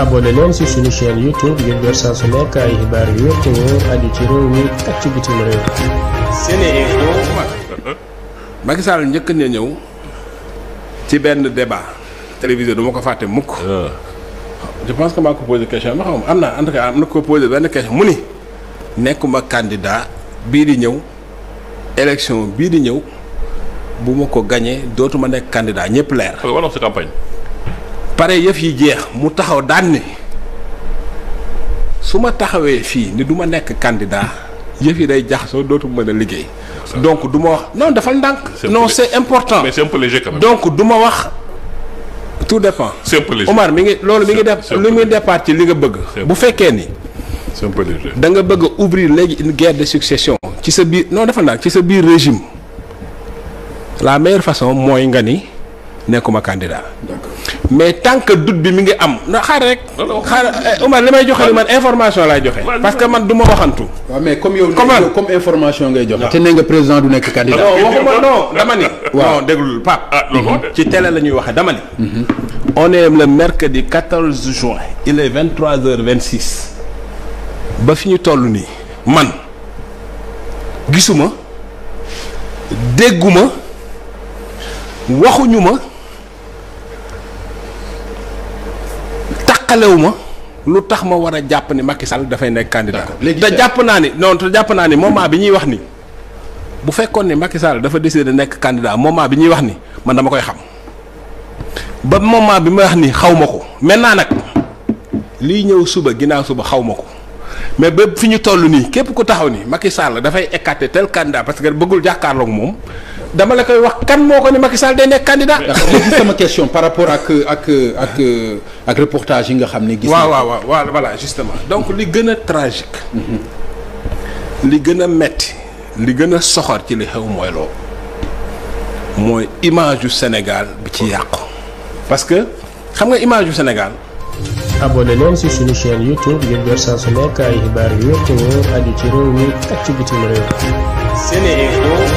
abonné leen ci yu wér te wóor aju ci réew njëkk na ñëw ci benn débat télévisé duma ko fàtte mukk. Ah. je pense que ko posé ma xam am naa en am na ko posé benn question mu ni nekkuma candidat bii di ñëw élection bii di ñëw bu ma ko gañee dootuma nekk candidat ñëpp leer. pare yëf yi jeex mu taxaw daan ni su ma taxawee fii ni du ma nekk candidat yëf yi day jaxasoo dootu mën a liggéey. donc du ma wax noon defal ndànk. non c'est important mais c'est un donc du wax tout dépend. c'est un peu léger Omar mi ngi loolu mi ngi def lu muy départ ci li nga bëgg. bu fekkee ni. c'est un da nga bëgg a ouvrir léegi une guerre de succession. ci sa biir non defal ndànk ci sa biir régime la meilleure façon mooy nga ni nekkuma candidat. mais tant que doute bi mi ngi am na xaar rek. xaar eh, Omar li may joxe ni man information laay joxe. parce que man du ma waxantu. mais comme yow. comme information ngay joxe. te ne nga président du nekk candidat. Ah non waxuma non dama ni. waaw non déglul ah, ci télé la ñuy waxee dama ni. Mhm. on est le mercredi 14 juin. il est 23h26. ba fi ñu toll nii. man gisuma dégguma waxuñu ma. taqalewu ma lu tax ma war a jàpp ni Macky Sall dafay nekk candidat te jàpp naa ni non te jàpp naa ni moment bi ñuy wax ni bu fekkoon ni Macky Sall dafa décider nekk candidat moment bi ñuy wax ni man dama koy xam ba moment bi ma wax ni xaw ma ko maintenant nag liy ñëw suba ginnaaw suba xaw ma ko mais ba fi ñu toll nii képp ku taxaw ni Macky Sall dafay écarter tel candidat parce que bëggul jàkkaarloog moom dama la koy wax kan moo ko ne Macky Sall day nekk candidat. léegi sama question par rapport ak ak ak ak reportage yi nga xam ne. gis nañu waaw waaw waaw voilà justement donc li gën a tragique. li gën a metti li gën a soxor ci li xew mooy loolu. mooy image yu Sénégal bi ci yàqu. parce que xam nga image yu Sénégal. abonné leen ci suñu chaîne YouTube ngir jot saa yu wér te wóor aju ci